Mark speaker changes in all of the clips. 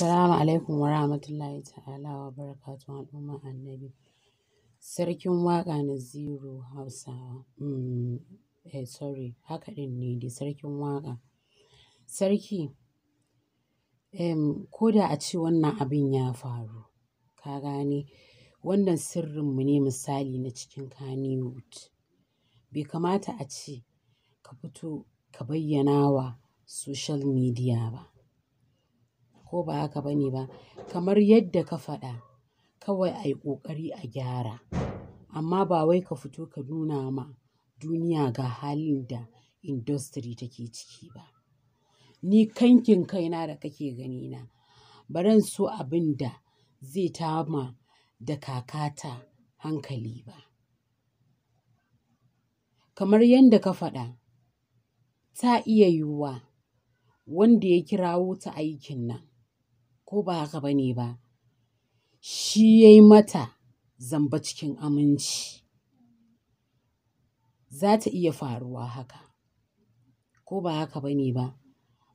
Speaker 1: Assalamu alaikum wa rahmatullahi ta'ala wa barakatun al'umma annabi. Sarkin waƙa na zero Hausawa. Mm, eh, sorry, haka ɗin ne da sarkin waƙa. Sarki, ko da a ce wannan abin ya faru, ka gane, wannan sirrinmu ne misali na cikin Kannywood. Bai kamata a ce ka fito ka bayyana wa social media ba. ko ba haka ba ne ba. Kamar yadda ka faɗa kawai a yi ƙoƙari a gyara amma ba wai ka fito ka nuna ma duniya ga halin da industry take ciki ba. Ni kankin kaina da kake gani na baran so abin da zai tama da kakata hankali ba. Kamar yadda ka faɗa ta iya yiwuwa wanda ya kirawo ta aikin nan ko ba haka ba ne ba? Shi ya yi mata zamba cikin aminci. Za ta iya faruwa haka ko ba haka ba ne ba?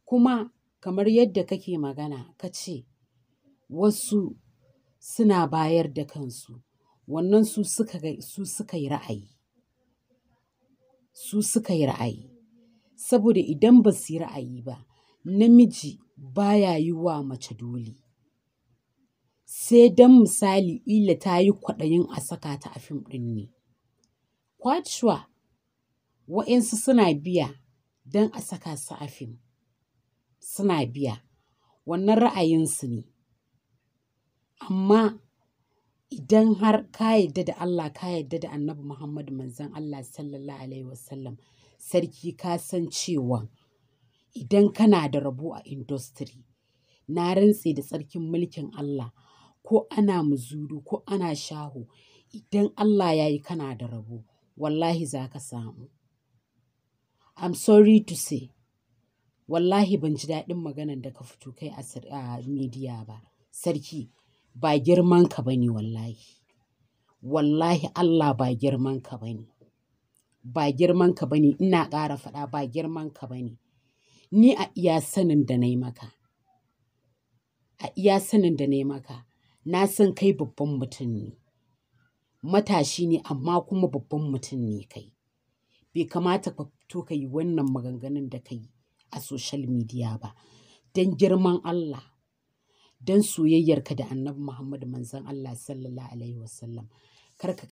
Speaker 1: Kuma kamar yadda kake magana ka ce wasu suna bayar da kansu, wannan su suka, yi ra'ayi. Su suka yi ra'ayi. Saboda idan ba su yi ra'ayi ba, namiji baya yi wa mace dole. Sai dan misali ila ta yi kwaɗayin a saka ta a fim ɗin ne. Quite wa'insu suna biya don a saka su a fim. Suna biya. Wannan ra'ayinsu ne. Amma idan har ka yadda da Allah, ka yadda da Annabi Muhammadu Manzon Allah Sallallahu Alaihi Wasallam, sarki ka san cewa. idan kana da rabo a industry na rantse da tsarkin mulkin Allah ko ana muzuru ko ana shaho idan Allah ya yi kana da rabo wallahi za ka samu I'm sorry to say wallahi ban ji daɗin maganar da ka fito kai a media ba sarki ba girman ka ne, wallahi wallahi Allah ba girman ka bane ba girman ka ne, ina ƙara faɗa ba girman ka ne. ni a iya sanin da na yi maka. A iya sanin da na yi maka, na san kai babban mutum ne. Matashi ne amma kuma babban mutum ne kai. Bai kamata ka fito ka yi wannan maganganun da ka yi a social media ba. Don girman Allah, don soyayyarka da annabi Muhammadu manzon Allah sallallahu Alaihi wasallam. Kar ka